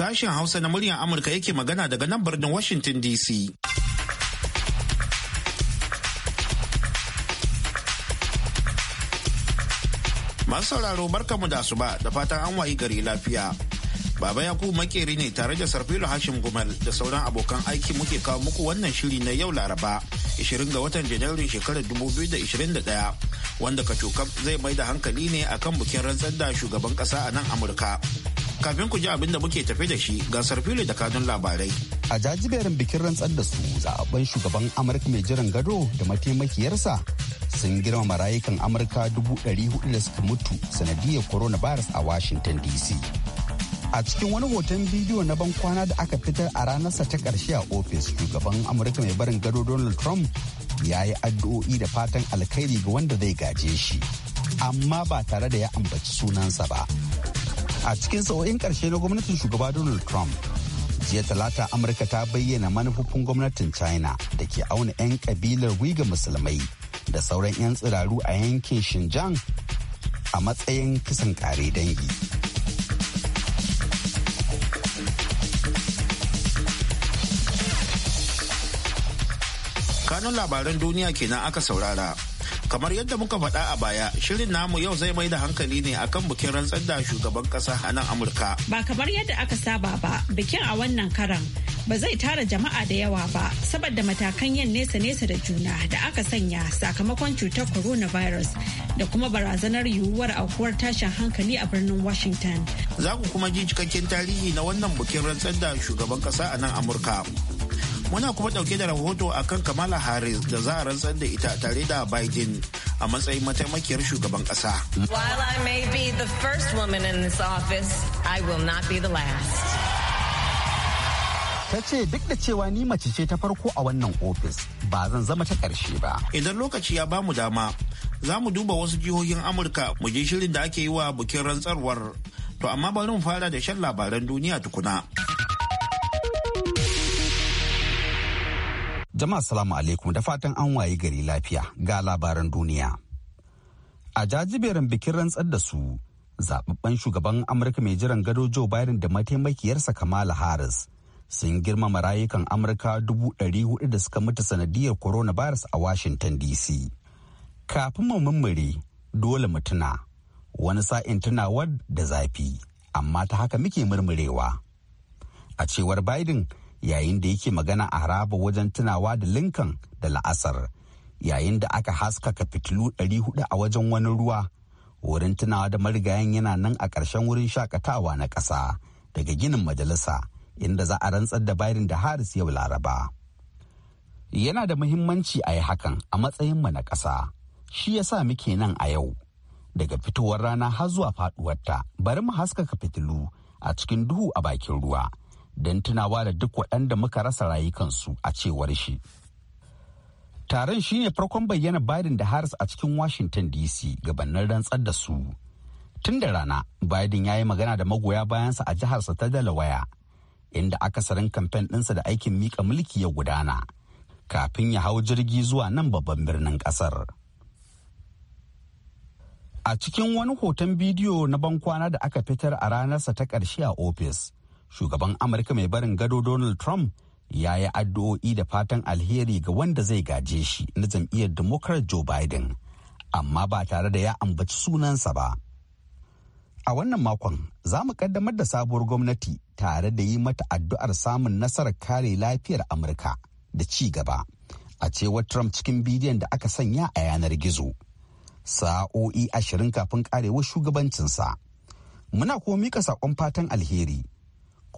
Sashen Hausa na muryar Amurka yake magana daga nan birnin Washington DC. Masu sauraro barka mu da su ba da fatan an wayi gari lafiya. Baba Yakubu makeri ne tare da Sarfilo Hashim Gumal da sauran abokan aiki muke kawo muku wannan shiri na yau Laraba 20 ga watan Janairun shekarar 2021 wanda kacokaf zai mai da hankali ne akan bukin rantsar da shugaban kasa a nan Amurka. Kafin ku ji abin da muke tafe da shi gasar fili da kanun labarai. A jajiberin bikin rantsar da su zaɓen shugaban Amurka mai jiran gado da mataimakiyarsa sun girma rayukan Amurka dubu ɗari hudu da suka mutu sanadiyar coronavirus a Washington DC. A cikin wani hoton bidiyo na ban kwana da aka fitar a ranarsa ta karshe a ofis shugaban Amurka mai barin gado Donald Trump ya yi addu'o'i da fatan alkhairi ga wanda zai gaje shi amma ba tare da ya ambaci sunansa ba a cikin sa'o'in karshe na gwamnatin shugaba donald trump jiya talata amurka ta bayyana manufofin gwamnatin china da ke auna 'yan kabilar wiga musulmai da sauran 'yan tsiraru a yankin xinjiang a matsayin kisan kare dangi kanun labaran duniya kenan aka saurara kamar yadda muka faɗa a baya shirin namu yau zai mai da hankali ne akan bikin rantsar da shugaban kasa a nan amurka ba kamar yadda aka saba ba bikin a wannan karan ba zai tara jama'a da yawa ba saboda matakan yin nesa nesa da juna da aka sanya sakamakon cutar coronavirus da kuma barazanar yiwuwar aukuwar tashin hankali a birnin washington za ku kuma ji cikakken tarihi na wannan bikin rantsar da shugaban kasa a nan amurka Muna kuma ɗauke da rahoto a kan Kamala Harris da za a rantsar da ita tare da Biden a matsayin mataimakiyar shugaban kasa. While the first woman in this I will not be ta ce duk da cewa ni mace ce ta farko a wannan ofis ba zan zama ta ƙarshe ba. Idan lokaci ya bamu dama, za mu duba wasu jihohin Amurka mu je shirin da ake yi wa bukin rantsarwar. To amma bari mu fara da shan labaran duniya tukuna. Jama'a salamu alaikum da fatan an waye gari lafiya ga labaran duniya. A jajiberin bikin rantsar da su, zababben shugaban Amurka mai jiran gado Joe Biden da mataimakiyarsa Kamala Harris sun girmama rayukan Amurka dubu ɗari hudu da suka mutu sanadiyar coronavirus a Washington DC. Kafin mu mummuri dole mu tuna wani sa'in tunawar da zafi, amma ta haka muke murmurewa. A cewar Biden, yayin da yake magana a haraba wajen tunawa da lincoln da la'asar yayin da aka haskaka fitilu hudu a wajen wani ruwa wurin tunawa da marigayen yana nan a ƙarshen wurin shakatawa na ƙasa daga ginin majalisa inda za a rantsar da Biden da haris yau Laraba. Yana da muhimmanci a yi hakan a matsayinmu na ƙasa, shi ya sa muke nan a yau. Daga fitowar rana har zuwa faɗuwarta, bari mu haskaka fitilu a cikin duhu a bakin ruwa don tunawa da duk waɗanda muka rasa rayukansu a cewar shi. Taron shi ne farkon bayyana Biden da Harris a cikin Washington DC gabanin rantsar da su. Tun da rana, Biden ya yi magana da magoya bayansa a jiharsa ta Delaware, inda akasarin kamfen ɗinsa da aikin mika mulki ya gudana, kafin ya hau jirgi zuwa nan babban birnin ƙasar. A cikin wani hoton bidiyo na bankwana da aka fitar a ranarsa ta ƙarshe a ofis, shugaban amurka mai barin gado donald trump ya yi addu'o'i da fatan alheri ga wanda zai gaje shi na jam'iyyar democrat joe biden amma ba tare da ya ambaci sunansa ba a wannan makon za mu kaddamar da sabuwar gwamnati tare da yi mata addu'ar samun nasarar kare lafiyar amurka da ci gaba a cewar trump cikin bidiyon da aka sanya a yanar gizo sa'o'i ashirin kafin karewar shugabancinsa muna kuma mika saƙon fatan alheri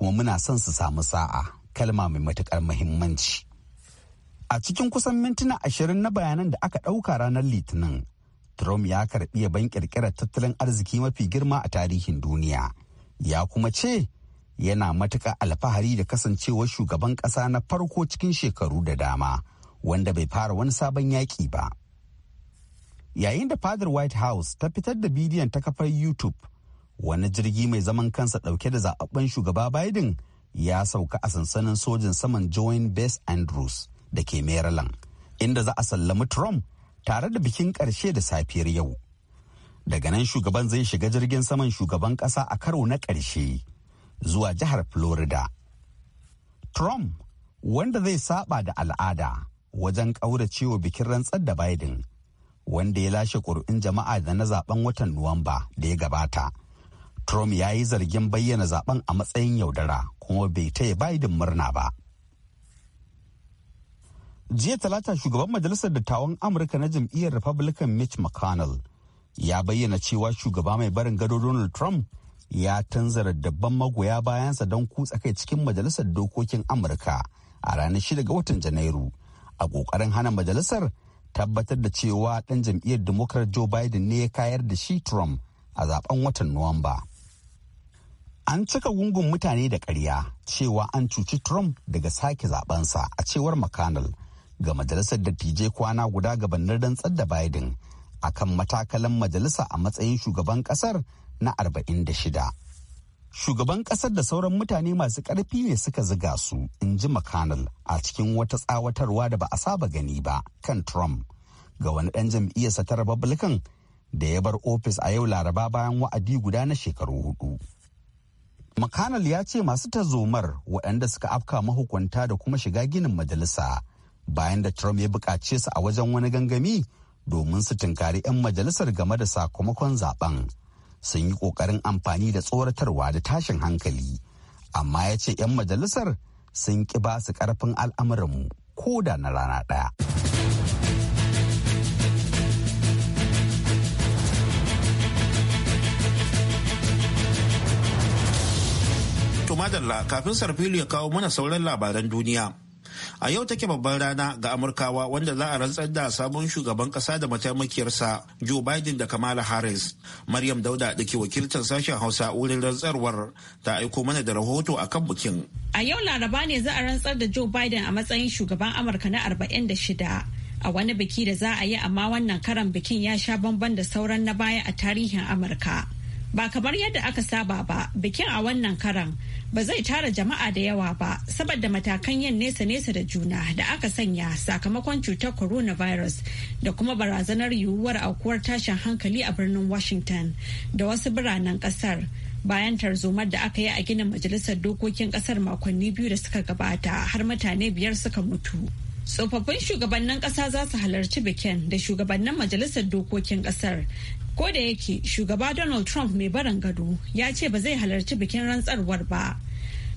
kuma muna son su samu sa'a kalma mai matukar muhimmanci. A cikin kusan mintuna ashirin na bayanan da aka ɗauka ranar Litinin, Trump ya karɓi yaban ƙirƙirar tattalin arziki mafi girma a tarihin duniya. Ya kuma ce yana matuƙa alfahari da kasancewar shugaban ƙasa na farko cikin shekaru da dama, wanda bai fara wani sabon yaƙi ba. Yayin da fadar White House ta fitar da bidiyon ta kafar YouTube wani jirgi mai zaman kansa dauke da zababben shugaba biden ya sauka a sansanin sojin saman joint base andrews da ke maryland inda za a sallami trump tare da bikin ƙarshe da safiyar yau daga nan shugaban zai shiga jirgin saman shugaban ƙasa a karo na ƙarshe zuwa jihar florida trump wanda zai saba da al'ada wajen ƙauracewa bikin rantsar da biden wanda ya lashe ƙuri'un jama'a da na zaben watan Nuwamba da ya gabata Trump ya yi zargin bayyana zaben a matsayin yaudara kuma bai taya Biden murna ba. Jiya talata shugaban majalisar dattawan Amurka na jam'iyyar Republican Mitch McConnell ya bayyana cewa shugaba mai barin gado Donald Trump ya tanzara dabban magoya bayansa don kutsa kai cikin majalisar dokokin Amurka a ranar 6 ga watan Janairu a ƙoƙarin hana majalisar tabbatar da cewa ɗan jam'iyyar Democrat Joe Biden ne ya kayar da shi Trump a zaben watan Nuwamba. An cika gungun mutane da ƙarya cewa an cuci Trump daga sake zabensa a cewar McConnell ga majalisar dattijai kwana guda gabanin rantsar da Biden a kan matakalan majalisa a matsayin shugaban ƙasar na 46. Shugaban ƙasar da sauran mutane masu ƙarfi ne suka ziga su, in ji McConnell a cikin wata tsawatarwa da ba a saba gani ba kan Trump ga wani ɗan jam'iyyarsa ta Republican da ya bar ofis a yau laraba bayan wa'adi guda na shekaru hudu. McConnell ya ce masu tazomar waɗanda suka afka mahukunta da kuma shiga ginin majalisa bayan da Trump ya buƙace su a wajen wani gangami domin su tunkari 'yan majalisar game da sakamakon zaben sun yi ƙoƙarin amfani da tsoratarwa da tashin hankali amma ya ce 'yan majalisar sun ƙi ba su ƙarfin al'amuranmu ko da na rana ɗaya. To madalla kafin sarfilu ya kawo mana sauran labaran duniya. A yau take babban rana ga Amurkawa wanda za a rantsar da sabon shugaban kasa da mataimakiyarsa Joe Biden da Kamala Harris. Maryam Dauda da ke wakiltar sashen Hausa wurin rantsarwar ta aiko mana da rahoto a kan bukin. A yau Laraba ne za a rantsar da Joe Biden a matsayin shugaban Amurka na 46. A wani biki da za a yi amma wannan karan bikin ya sha bamban da sauran na baya a tarihin Amurka. Ba kamar yadda aka saba ba, bikin a wannan karan ba zai tara jama'a da yawa ba saboda matakan yin nesa-nesa da juna da aka sanya sakamakon cutar coronavirus da kuma barazanar yiwuwar aukuwar tashin hankali a birnin Washington da wasu biranen kasar. bayan tarzomar da aka yi a ginin majalisar dokokin kasar makonni biyu da suka gabata har mutane biyar suka mutu. tsofaffin shugabannin ƙasa za su halarci bikin da shugabannin majalisar dokokin ƙasar. Ko da yake shugaba Donald Trump mai barin gado ya ce ba zai halarci bikin rantsarwar ba.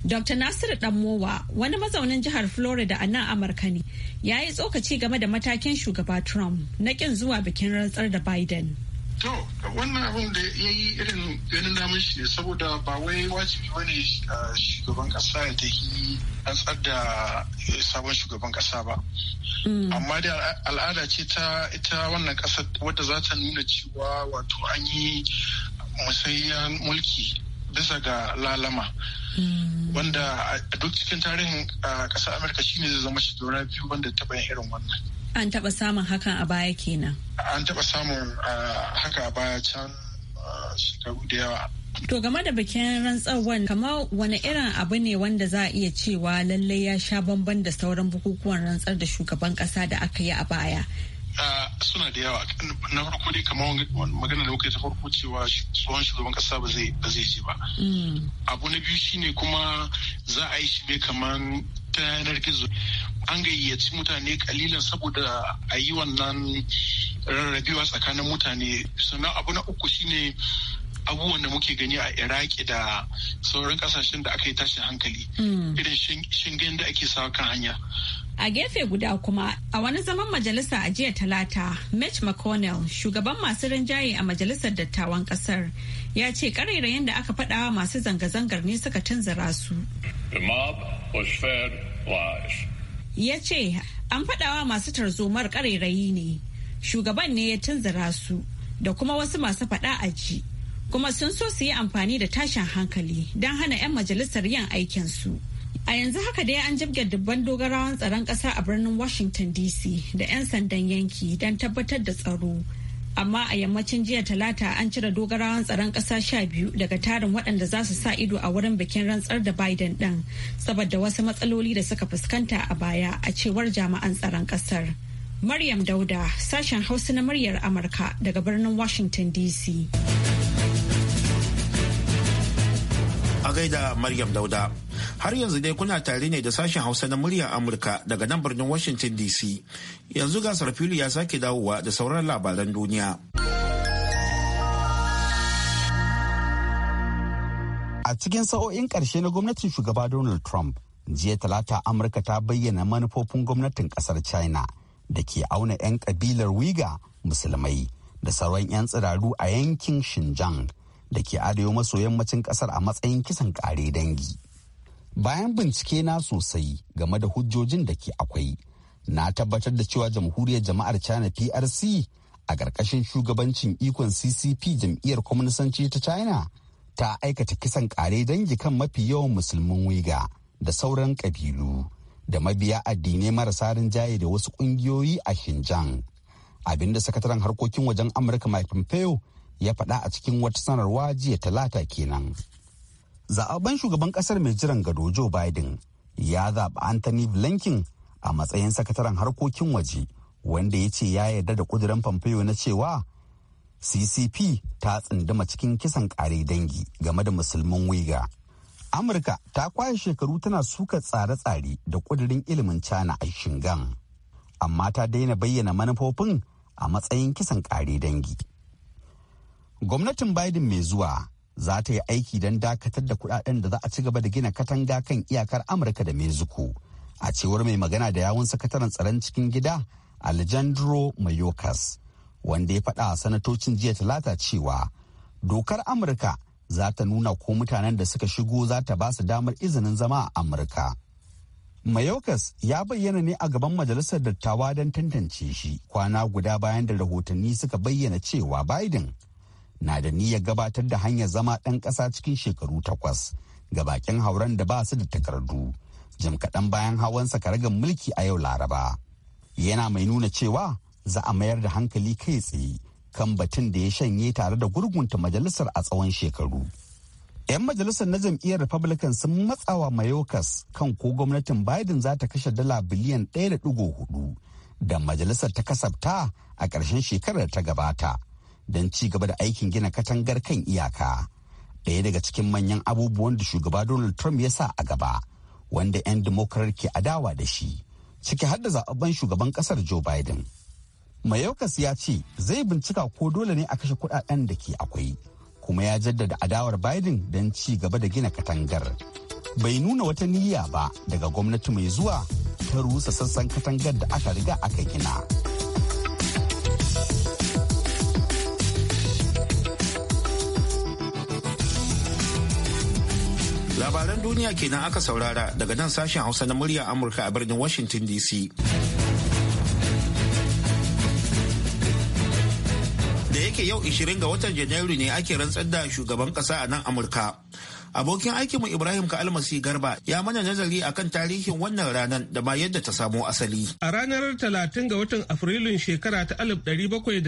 Dr. Nasiru Danmowa wani mazaunin jihar Florida a nan Amurka ne ya yi tsokaci game da matakin shugaba Trump na ƙin zuwa bikin rantsar da Biden. To, wannan abin da ya yi irin ganin damar shi ne saboda ba wai wajibi ba ne shugaban kasa ya ta yi rantsar da eh, sabon shugaban kasa ba. Mm. Amma da al'ada ce ta ita wannan kasa wadda za ta nuna cewa wato an yi musayyan mulki bisa ga lalama. Mm. Wanda a duk cikin tarihin kasar Amurka shine zai zama shi shugaba biyu wanda taɓa yin irin wannan. An taɓa samun hakan a baya kenan. An taɓa samun ah, haka a baya can ah, shekaru da yawa. To game da bikin rantsarwar kama wani irin abu ne wanda za a iya cewa lallai ya sha bamban da sauran bukukuwan rantsar da shugaban kasa da aka yi a baya. Ah, suna da yawa na farko dai kama magana da muka ta farko cewa tsohon shugaban kasa ba zai ba zai je ba mm. abu na biyu shine kuma za a yi shi ne kamar ta yanar gizo an gayyaci mutane kalilan saboda a yi wannan rarrabewa tsakanin mutane sannan abu na uku shine abubuwan da muke gani a iraki da sauran kasashen da aka yi tashin hankali hmm. irin shingen da ake sawa kan hanya a gefe guda kuma a wani zaman majalisa a jiya talata mitch mcconnell shugaban masu rinjaye a majalisar dattawan kasar ya ce karairayen da aka faɗawa masu zanga-zangar ne suka canza rasu the mob was ya ce an faɗawa masu tarzomar ƙarairayi ne shugaban ne ya canza su da kuma wasu masu faɗa a ji kuma sun so su yi amfani da tashin hankali don hana 'yan majalisar yin aikinsu. A yanzu haka dai an jibge dubban dogarawan tsaron ƙasa a birnin Washington DC da 'yan sandan yanki don tabbatar da tsaro amma a yammacin jiya talata an cire dogarawan tsaron ƙasa sha biyu daga tarin waɗanda za su sa ido a wurin bikin rantsar da biden ɗin saboda wasu matsaloli da suka fuskanta a baya a cewar jami'an tsaron ƙasar maryam dauda sashen hausa na muryar amurka daga birnin washington dc a gaida maryam dauda Har yanzu dai kuna tare ne da sashen Hausa na muryar Amurka daga nan birnin Washington DC. Yanzu gasar fili ya sake dawowa da sauran labaran duniya. A cikin sa'o'in ƙarshe na gwamnatin shugaba Donald Trump, jiya talata Amurka ta bayyana manufofin gwamnatin ƙasar China da ke auna 'yan ƙabilar Wiga musulmai da sauran 'yan tsiraru a yankin Xinjiang da ke arewa maso yammacin ƙasar a matsayin kisan ƙare dangi. bayan bincike na sosai game da hujjojin da ke akwai na tabbatar da cewa jamhuriyar jama'ar china prc a ƙarƙashin shugabancin ikon ccp jam'iyyar kwamnisanci ta china ta aikata kisan ƙare dangi kan mafi yawan musulmin wiga da sauran ƙabilu da mabiya addinai marasa rinjaye da wasu ƙungiyoyi a Xinjiang. abinda sakataren harkokin wajen amurka mike pompeo ya faɗa a cikin wata sanarwa jiya talata kenan zaɓaɓɓen shugaban ƙasar mai jiran gado joe biden ya zaɓi anthony blinken a matsayin sakataren harkokin waje wanda ya ce ya yarda da ƙudurin pompeo na cewa ccp ta tsinduma cikin kisan ƙare dangi game da musulmin wiga amurka ta kwashe shekaru tana suka tsare-tsare da ƙudurin ilimin cana a shingan amma ta daina bayyana manufofin a matsayin kisan ƙare dangi gwamnatin biden mai zuwa za ta yi aiki don dakatar da kudaden da za a ci gaba da gina katanga kan iyakar amurka da mexico a cewar mai magana da yawun sakataren tsaron cikin gida alejandro mayokas wanda ya faɗa sanatocin jiya talata cewa dokar amurka za ta nuna ko mutanen da suka shigo za ta ba su damar izinin zama a amurka mayokas ya bayyana ne a gaban majalisar dattawa don tantance shi kwana guda bayan da rahotanni suka bayyana cewa biden na da niyyar gabatar da hanyar zama ɗan ƙasa cikin shekaru takwas ga bakin hauren da ba su da takardu jim kaɗan bayan hawan sakaragan mulki a yau laraba yana mai nuna cewa za a mayar da hankali kai tsaye kan batun da ya shanye tare da gurgunta majalisar a tsawon shekaru 'yan majalisar na jam'iyyar republican sun matsawa mayokas kan ko gwamnatin biden za ta kashe dala biliyan 1.4 da majalisar ta kasafta a ƙarshen shekarar ta gabata don ci gaba da aikin gina katangar kan iyaka ɗaya daga cikin manyan abubuwan da shugaba donald trump ya sa a gaba wanda 'yan demokrat ke adawa da shi ciki har da zaɓaɓɓen shugaban ƙasar joe biden mayaukas ya ce zai bincika ko dole ne a kashe kuɗaɗen da ke akwai kuma ya jaddada adawar biden don ci gaba da gina katangar bai nuna wata niyya ba daga gwamnati mai zuwa ta rusa sassan katangar da aka riga aka gina. labaran duniya kenan aka saurara daga nan sashen hausa na murya amurka a birnin washington dc da yake yau 20 ga watan janairu ne ake rantsar da shugaban kasa a nan amurka abokin aikinmu ibrahim ka almasi garba ya mana nazari akan tarihin wannan ranar da ma yadda ta samo asali a ranar 30 ga watan afrilun shekara ta 1789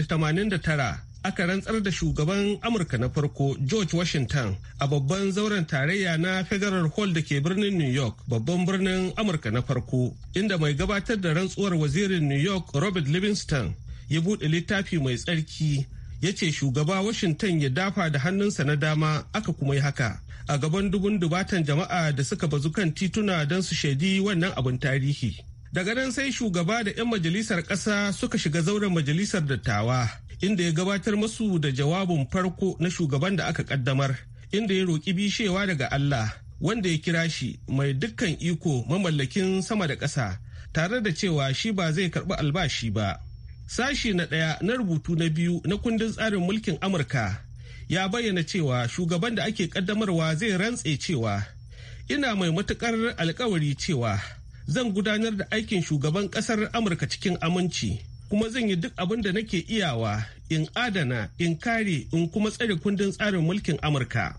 aka rantsar da shugaban amurka na farko george washington a babban zauren tarayya na federal hall da ke birnin new york babban birnin amurka na farko inda mai gabatar da rantsuwar wazirin new york robert livingston ya buɗe littafi mai tsarki ya ce shugaba washington ya dafa da hannunsa na dama aka kuma yi haka a gaban dubun dubatan jama'a da suka bazu kan tituna don su shaidi wannan abin tarihi daga nan sai shugaba da 'yan majalisar ƙasa suka shiga zauren majalisar dattawa inda ya gabatar masu da jawabin farko na shugaban da aka kaddamar inda ya roƙi bishewa daga Allah wanda ya kira shi mai dukkan iko mamallakin sama da ƙasa tare da cewa shi ba zai karɓi albashi ba. Sashi na ɗaya na rubutu na biyu na kundin tsarin mulkin Amurka ya bayyana cewa shugaban da ake kaddamarwa zai rantse cewa ina mai matuƙar alkawari cewa zan gudanar da aikin shugaban ƙasar Amurka cikin aminci. kuma zan yi duk abin da nake iyawa in adana in kare in kuma tsare kundin tsarin mulkin amurka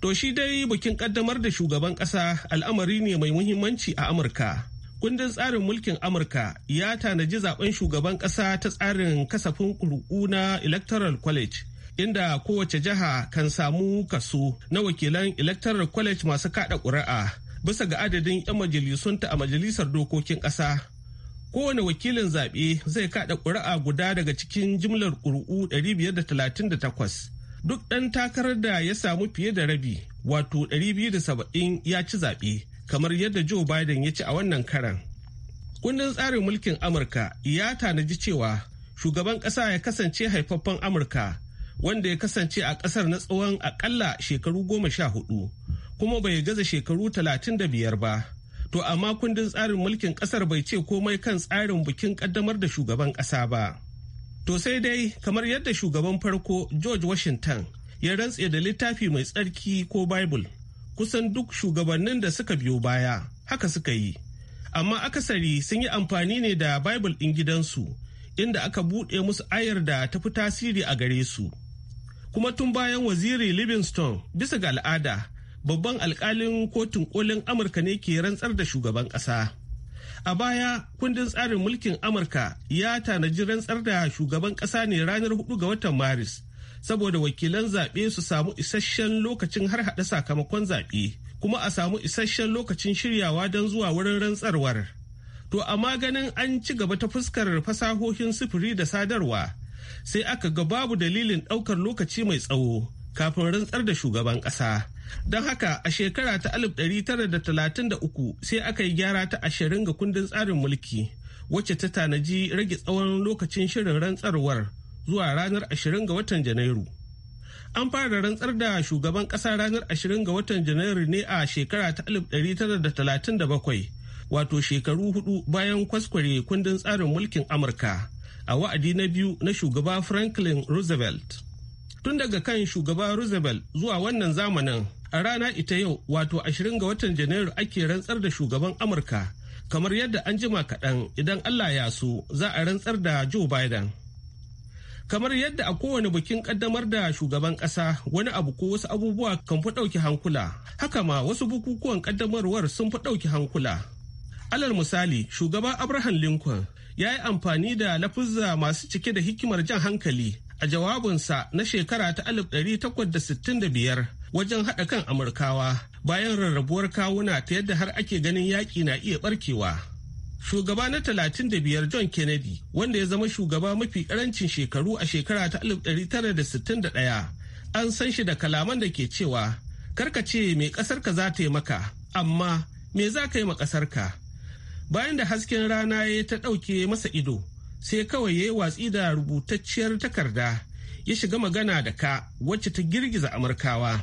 to shi dai bikin kaddamar da shugaban kasa al'amari ne mai muhimmanci a amurka kundin tsarin mulkin amurka ya tanaji zaben shugaban kasa ta tsarin kasafin kurku na electoral college inda kowace jiha kan samu kaso na wakilan electoral college masu kada ƙuri'a bisa ga adadin 'yan majalisunta a majalisar dokokin ƙasa kowane wakilin zaɓe zai kaɗa ƙuri'a guda daga cikin jimlar ƙuri'u 538 duk ɗan takarar da ya samu fiye da rabi wato 270 ya ci zaɓe kamar yadda joe biden ya ci a wannan karan kundin tsarin mulkin amurka ya tanaji cewa shugaban ƙasa ya kasance haifaffen amurka wanda ya kasance a ƙasar na tsawon aƙalla shekaru goma sha hudu kuma bai gaza shekaru talatin da biyar ba To amma kundin tsarin mulkin kasar bai ce komai kan tsarin bikin kaddamar da shugaban kasa ba. To sai dai kamar yadda shugaban farko George Washington ya rantse da littafi mai tsarki ko Bible kusan duk shugabannin da suka biyo baya haka suka yi. Amma akasari sun yi amfani ne da Bible ɗin gidansu inda aka buɗe musu ayar da ta fi tasiri a gare su. Kuma tun bayan waziri Livingston bisa ga al'ada babban alkalin kotun kolin amurka ne ke rantsar da shugaban ƙasa a baya kundin tsarin mulkin amurka ya tanaji rantsar da shugaban ƙasa ne ranar 4 ga watan maris saboda wakilan zaɓe su samu isasshen lokacin har haɗa sakamakon zaɓe kuma a samu isasshen lokacin shiryawa don zuwa wurin rantsarwar to amma ganin an ci gaba ta fuskar fasahohin sufuri da sadarwa sai aka ga babu dalilin ɗaukar lokaci mai tsawo kafin rantsar da shugaban ƙasa. Don haka a shekara ta 1933 sai aka yi gyara ta ashirin ga kundin tsarin mulki wacce ta tanaji rage tsawon lokacin shirin rantsarwar zuwa ranar 20 ga watan Janairu. An fara rantsar da shugaban ƙasa ranar 20 ga watan Janairu ne a shekara ta 1937 wato shekaru hudu bayan kwaskware kundin tsarin mulkin Amurka a wa'adi na biyu na shugaba Franklin Roosevelt. tun daga kan shugaba Roosevelt zuwa wannan zamanin a rana ita yau wato 20 ga watan Janairu ake rantsar da shugaban Amurka kamar yadda an jima kaɗan idan Allah ya so za a rantsar da Joe Biden. Kamar yadda a kowane bikin ƙaddamar da shugaban ƙasa wani abu ko wasu abubuwa kan fi ɗauki hankula, haka ma wasu bukukuwan ƙaddamarwar sun fi ɗauki hankula. Alal misali, Shugaban Abraham Lincoln ya yi amfani da lafuzza masu cike da hikimar jan hankali a jawabinsa na shekara ta 1865 wajen haɗa kan Amurkawa bayan rarrabuwar kawuna ta yadda har ake ganin yaƙi na iya barkewa. Shugaba na 35 John Kennedy wanda ya zama shugaba mafi ƙarancin shekaru a shekara ta 1961 an san shi da kalaman da ke cewa karkace mai ƙasarka za ta yi maka amma me za ka yi ma ƙasarka bayan da hasken rana ya ta ɗauke masa ido sai kawai ya yi watsi da rubutacciyar takarda ya shiga magana da ka wacce ta girgiza amurkawa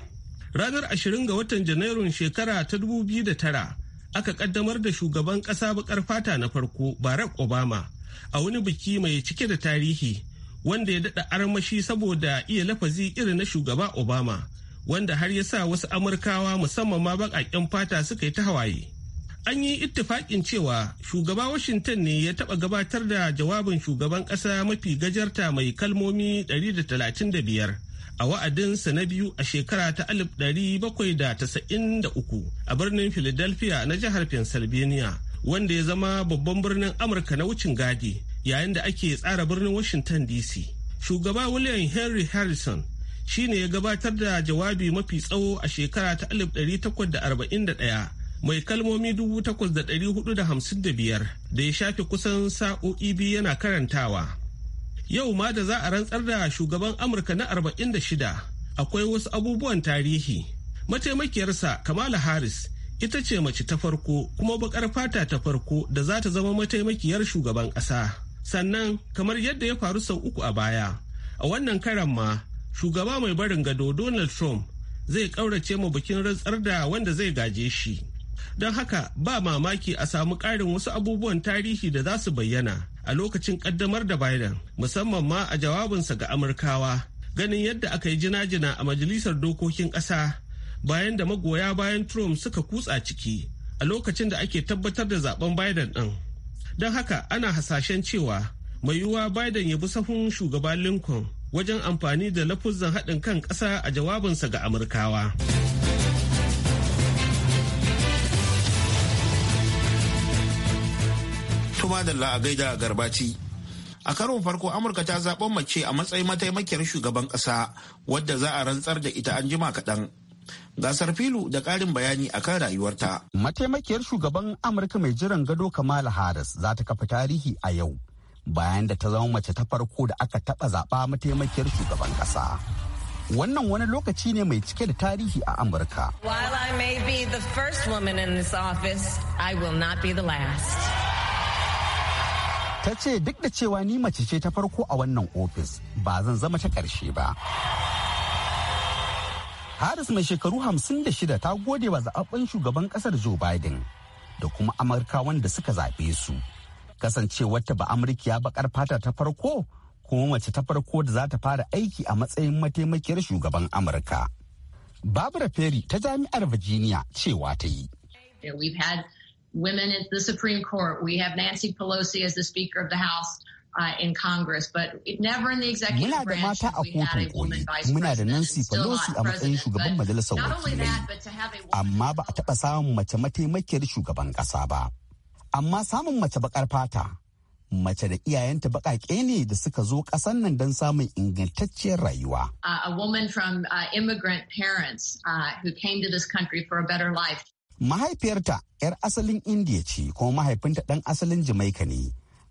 ranar 20 ga watan janairun shekara ta 2009 aka kaddamar da shugaban kasa bakar fata na farko barack obama a wani biki mai cike da tarihi wanda ya daɗa armashi saboda iya lafazi irin na shugaba obama wanda har ya sa wasu amurkawa musamman ma baƙaƙen fata suka yi ta hawaye an yi ittifakin cewa shugaba washington ne ya taba gabatar da jawabin shugaban kasa mafi gajarta mai kalmomi 135 a wa'adinsa na biyu a shekara ta 1793 a birnin philadelphia na jihar pennsylvania wanda ya zama babban birnin amurka na wucin gadi yayin da ake tsara birnin washington dc shugaba william henry harrison shine ya gabatar da jawabi mafi tsawo a shekara ta 1841 mai kalmomi dubu takwas da ɗari hudu da hamsin da biyar da ya shafe kusan sa'o'i biyu yana karantawa. Yau ma da za a rantsar da shugaban Amurka na arba'in da shida akwai wasu abubuwan tarihi. Mataimakiyarsa Kamala Harris ita ce mace ta farko kuma bakar fata ta farko da za ta zama mataimakiyar shugaban ƙasa. Sannan kamar yadda ya faru sau uku a baya, a wannan karan ma shugaba mai barin gado Donald Trump zai ƙaurace ma bikin rantsar da wanda zai gaje shi. don haka ba mamaki a samu ƙarin wasu abubuwan tarihi da za su bayyana a lokacin ƙaddamar da biden musamman ma a jawabinsa ga amurkawa ganin yadda aka yi jina-jina a majalisar dokokin ƙasa bayan da magoya bayan trump suka kutsa ciki a lokacin da ake tabbatar da zaben biden ɗin don haka ana hasashen cewa mai yiwuwa biden ya bi sahun shugaban lincoln wajen amfani da lafuzan haɗin kan ƙasa a jawabinsa ga amurkawa. Tuma da la a gaida garbaci. A karon farko Amurka ta zaɓon mace a matsayin mataimakiyar shugaban ƙasa wadda za a rantsar da ita an jima kaɗan. Gasar filu da ƙarin bayani a akan rayuwarta. Mataimakiyar shugaban Amurka mai jiran gado Kamala Harris za ta kafa tarihi a yau. Bayan da ta zama mace ta farko da aka taɓa zaɓa mataimakiyar shugaban ƙasa. wannan wani lokaci ne mai cike da tarihi a Amurka. While I may be the first woman in this office, I will not be the last. ta ce duk da cewa ni mace ce ta farko a wannan ofis ba zan zama ta ƙarshe ba harris mai shekaru 56 ta gode wa zaɓaɓɓen shugaban ƙasar joe biden da kuma amurka wanda suka zaɓe su kasancewarta ta ba amurkiya baƙar fata ta farko kuma mace ta farko da za ta fara aiki a matsayin mataimakiyar shugaban amurka barbara perry ta jami'ar virginia cewa ta yi women at the Supreme Court. We have Nancy Pelosi as the Speaker of the House. Uh, in Congress, but never in the executive Muna branch. da mata a kotun koli, muna da Nancy Pelosi a matsayin shugaban majalisar wakilai, amma ba a taɓa samun mace mataimakiyar shugaban ƙasa ba. Amma samun mace baƙar fata, mace da iyayenta baƙaƙe ne da suka zo ƙasan nan don samun ingantacciyar rayuwa. Uh, a woman from uh, immigrant parents uh, who came to this country for a better life. mahaifiyarta 'yar asalin indiya ce kuma mahaifinta ɗan asalin jamaika ne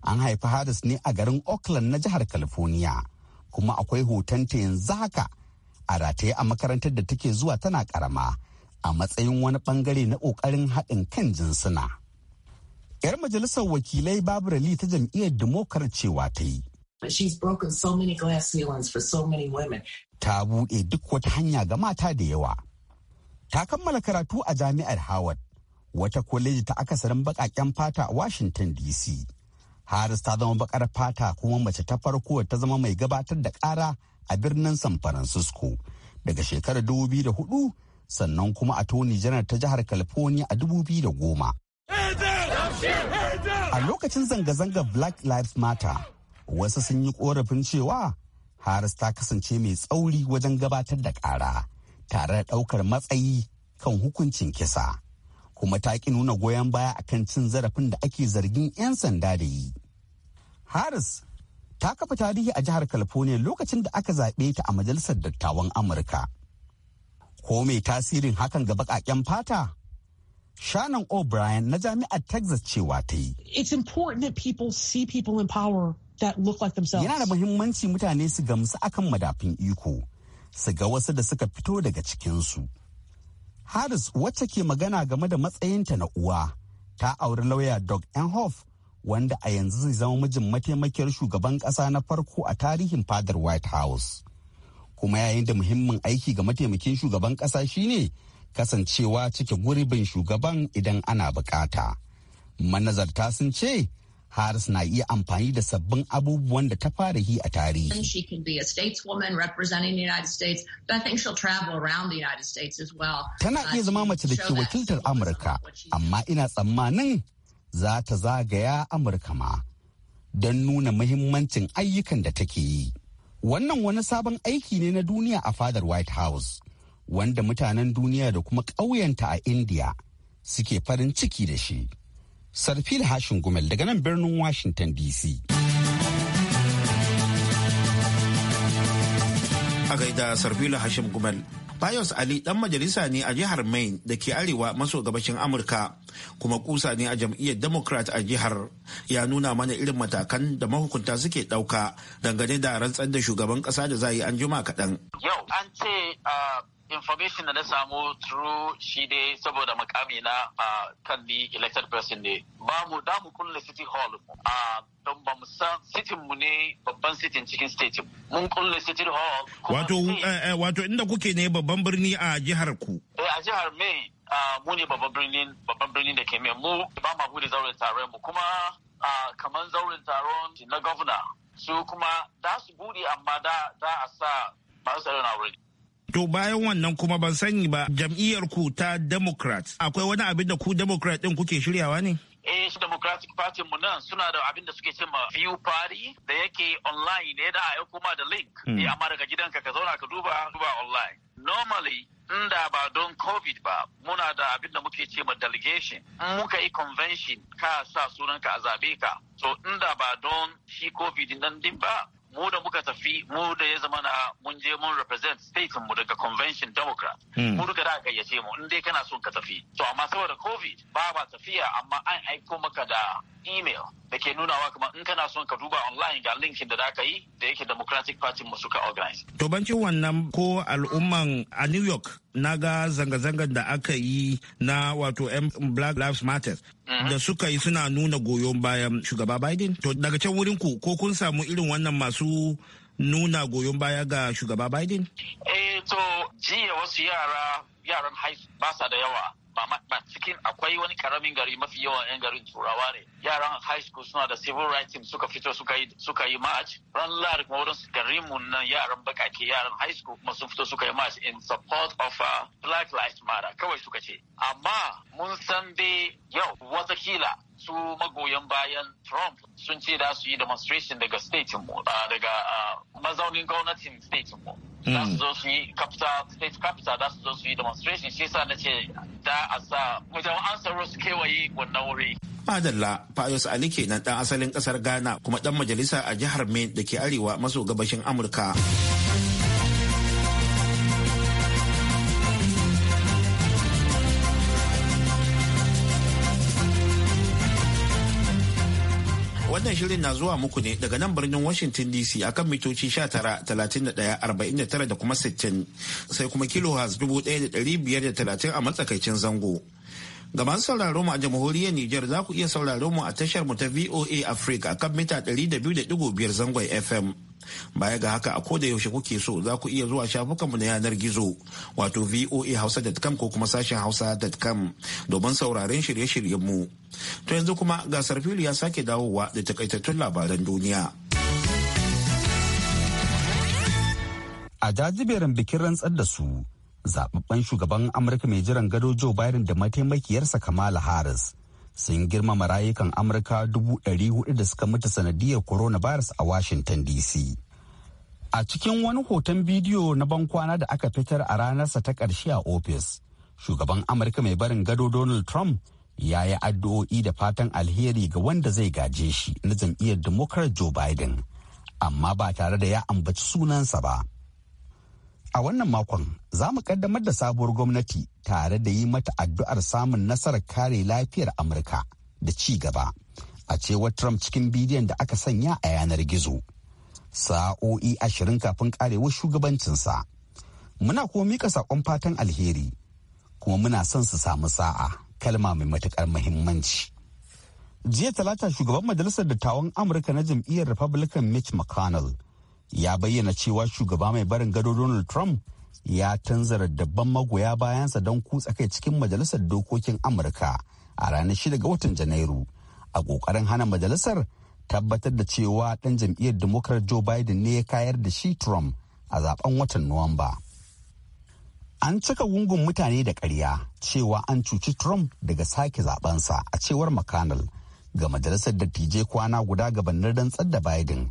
an haifi hadis ne a garin auckland na jihar california kuma akwai hotonta yanzu haka a rataye a makarantar da take zuwa tana karama a matsayin wani bangare na kokarin haɗin kan jinsuna. 'yar majalisar wakilai babura lee ta jam'iyyar democrat cewa ta yi ta buɗe duk wata hanya ga mata da yawa ta kammala karatu a jami'ar Howard, wata kwaleji ta akasarin baƙaƙen fata a Washington DC. Harris ta zama baƙar fata kuma mace ta farko ta zama mai gabatar da ƙara a birnin San Francisco daga shekarar da hudu, sannan kuma a Tony janar ta jihar California a goma. A lokacin zanga-zangar Black Lives Matter, wasu sun yi korafin cewa Harris ta kasance mai tsauri wajen gabatar da ƙara. tare da ɗaukar matsayi kan hukuncin kisa kuma ta ki nuna goyon baya akan cin zarafin da ake zargin 'yan sanda da yi. Harris ta kafa tarihi a jihar California lokacin da aka zaɓe ta a majalisar dattawan Amurka. Ko mai tasirin hakan ga baƙaƙen fata? Shannon O'Brien na jami'ar Texas cewa ta yi. It's important that people see people in power Yana da muhimmanci mutane su gamsu akan madafin iko su ga wasu da suka fito daga cikinsu. Harris wacce ke magana game da matsayinta na uwa ta auri lauya Doug Enhoff wanda a yanzu zai zama mijin mataimakiyar shugaban ƙasa na farko a tarihin fadar White House. Kuma yayin da muhimmin aiki ga mataimakin shugaban ƙasa shine kasancewa cike gurbin shugaban idan ana bukata. Manazarta sun ce Harris na iya amfani da sabbin abubuwan da ta fara yi a tarihi. be travel Tana iya zama mace da ke wakiltar Amurka, amma ina tsammanin za ta zagaya Amurka ma don nuna muhimmancin ayyukan da take yi. Wannan wani sabon aiki ne na duniya a fadar White House, wanda mutanen duniya da kuma ƙauyenta a India suke farin ciki da shi. sarfil hashin gumel daga nan birnin washington dc a gaida Sarfil Hashin gumel Bayos Ali dan majalisa ne a jihar Maine da ke arewa maso gabashin Amurka kuma kusa ne a jam'iyyar Democrat a jihar ya nuna mana irin matakan da mahukunta suke dauka dangane da rantsar da shugaban kasa da za yi an kaɗan. Yau an ce ah, information da na samu through shi dai saboda makami na kan ni elected person ne ba mu da mu kulle city hall a don ba mu san city mu ne babban city cikin state mun kulle city hall wato eh, eh, wato inda kuke ne babban birni a jihar ku eh a jihar mai mu ne babban birnin babban birnin da ke mai mu ba ma bude zauren taron mu kuma kamar zauren taron na governor su kuma da su bude amma da a sa ba su na wuri. To bayan wannan kuma ban sani ba jam'iyyar ku ta Democrat akwai wani abin da ku Democrat din kuke shiryawa ne? eh su democratic party mu nan suna da abin da suke cewa view party da yake online ne da a kuma da link Ya hmm. eh, amma daga gidanka ka zauna ka duba duba online normally inda ba don covid ba muna da abin da muke ce delegation muka yi convention ka sa sunanka a zabe ka so inda ba don shi covid nan din ba mu da muka tafi mu da ya zama na mun je mun represent state mu daga convention democrat hmm. mu duka da gayyace mu in dai kana son ka tafi to amma saboda covid ba ba tafiya amma an aiko maka da email da ke nunawa kamar in kana son ka duba online ga linkin da aka yi da yake democratic party mu suka organize. to bancin wannan ko al'umman a new york na ga zanga-zangar da aka yi na wato M black lives matter mhm. da suka yi suna nuna goyon bayan shugaba biden to daga can wurin ku ko kun samu irin wannan masu nuna goyon baya ga shugaba biden eh to jiya wasu yara yaran high ba sa da yawa ba cikin akwai wani karamin gari mafi yawan 'yan garin turawa ne yaran high school suna da civil rights team suka fito suka yi march ran lahadi kuma wurin garin mu nan yaran bakake yaran high school kuma sun fito suka yi march in support of a uh, black lives matter kawai suka ce amma mun san dai yau watakila su magoyan bayan Trump sun ce da su yi demonstration daga state mu uh, daga uh, mazaunin gwamnatin state mu za su zo su yi state capital za su zo su yi demonstration shi na ce da a sa wajen tsaro su kewaye wannan wuri. Adalla Fayos Ali kenan ɗan asalin ƙasar Ghana kuma ɗan majalisa a jihar Maine da ke arewa maso gabashin Amurka. Wannan shirin na zuwa muku ne daga nan birnin Washington DC akan mitoci 19,39 da kuma 60 sai kuma da 1,530 a matsakaicin zango. Ga masu sauraro mu a jamhuriyar Nijar za ku iya sauraro mu a tashar mu ta VOA Africa akan mita 200.5 zangon FM. baya ga haka a koda yaushe kuke so za ku iya zuwa shafukanmu na yanar gizo wato voahausa.com ko kuma sashen hausa.com domin sauraren shirye-shiryenmu to yanzu kuma gasar fili ya sake dawowa da takaitattun labaran duniya a jajiberin bikin rantsar da su zababben shugaban amurka mai jiran gado joe biden da mataimakiyarsa kamala harris sun girmama rayukan amurka dubu ɗari hudu da suka mutu sanadiyar coronavirus a washington dc a cikin wani hoton bidiyo na bankwana da aka fitar a ranarsa ta ƙarshe a ofis shugaban amurka mai barin gado donald trump ya yi addu'o'i da fatan alheri ga wanda zai gaje shi na jam'iyyar democrat joe biden amma ba tare da ya ambaci sunansa ba. A wannan makon za mu kaddamar da sabuwar gwamnati tare da yi mata addu'ar samun nasarar kare lafiyar Amurka da ci gaba. A cewar Trump cikin bidiyon da aka sanya a yanar gizo. Sa'o'i ashirin kafin karewar shugabancinsa. Muna kuma mika saƙon fatan alheri, kuma muna son su samu sa'a kalma mai matuƙar muhimmanci. Jiya talata shugaban majalisar dattawan Amurka na jam'iyyar Republican Mitch McConnell ya bayyana cewa shugaba mai barin gado donald trump ya tanzara dabban magoya bayansa don kutsa kai cikin majalisar dokokin amurka a ranar 6 ga watan janairu a kokarin hana majalisar tabbatar da cewa ɗan jam'iyyar democrat joe biden ne ya kayar da shi trump a zaben watan nuwamba an cika gungun mutane da ƙarya cewa an cuci trump daga sake zabensa a cewar mcconnell ga majalisar dattijai kwana guda gabanin rantsar da biden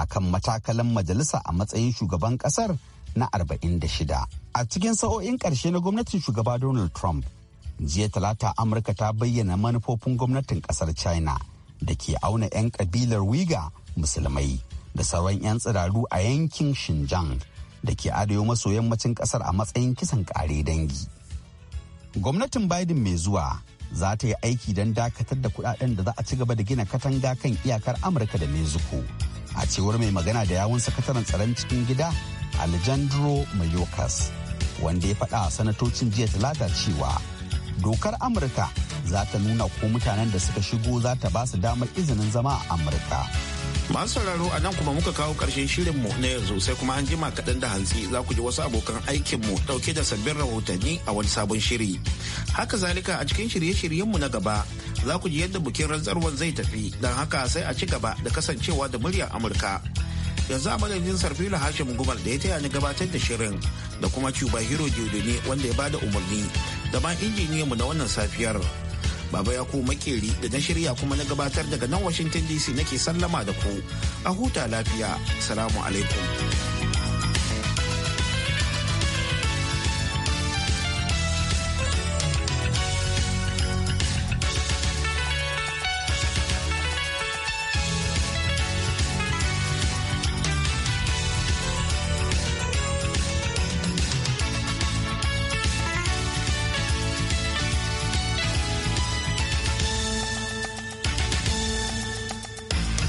akan matakalan majalisa a matsayin shugaban kasar na 46 a cikin sa'o'in ƙarshe na gwamnatin shugaba donald trump jiya talata amurka ta bayyana manufofin gwamnatin kasar china da ke auna 'yan kabilar wiga musulmai da sauran 'yan tsiraru a yankin Xinjiang da ke arewa maso yammacin kasar a matsayin kisan kare dangi. Gwamnatin Biden mai zuwa za ta yi aiki don dakatar da kudaden da za a ci gaba da gina katanga kan iyakar Amurka da Mexico a cewar mai magana da yawun sakataren tsaron cikin gida alejandro mayorkas wanda ya faɗa sanatocin jiya talata cewa dokar amurka za ta nuna ko mutanen da suka shigo za ta ba su damar izinin zama a amurka masu sauraro a nan kuma muka kawo ƙarshen shirinmu na yanzu sai kuma an jima kaɗan da hantsi za ku ji wasu abokan aikinmu ɗauke da sabbin rahotanni a wani sabon shiri haka zalika a cikin shirye-shiryenmu na gaba za ku ji yadda bukin rantsarwar zai tafi don haka sai a ci gaba da kasancewa da muryar amurka yanzu a madadin sarfila hashim gumal da ya taya ni gabatar da shirin da kuma cuba hero ne wanda ya bada umarni da ma injiniyanmu na wannan safiyar Baba ya ku makeri da na shirya kuma na gabatar daga nan Washington DC nake sallama da ku. A huta lafiya. Salamu alaikum.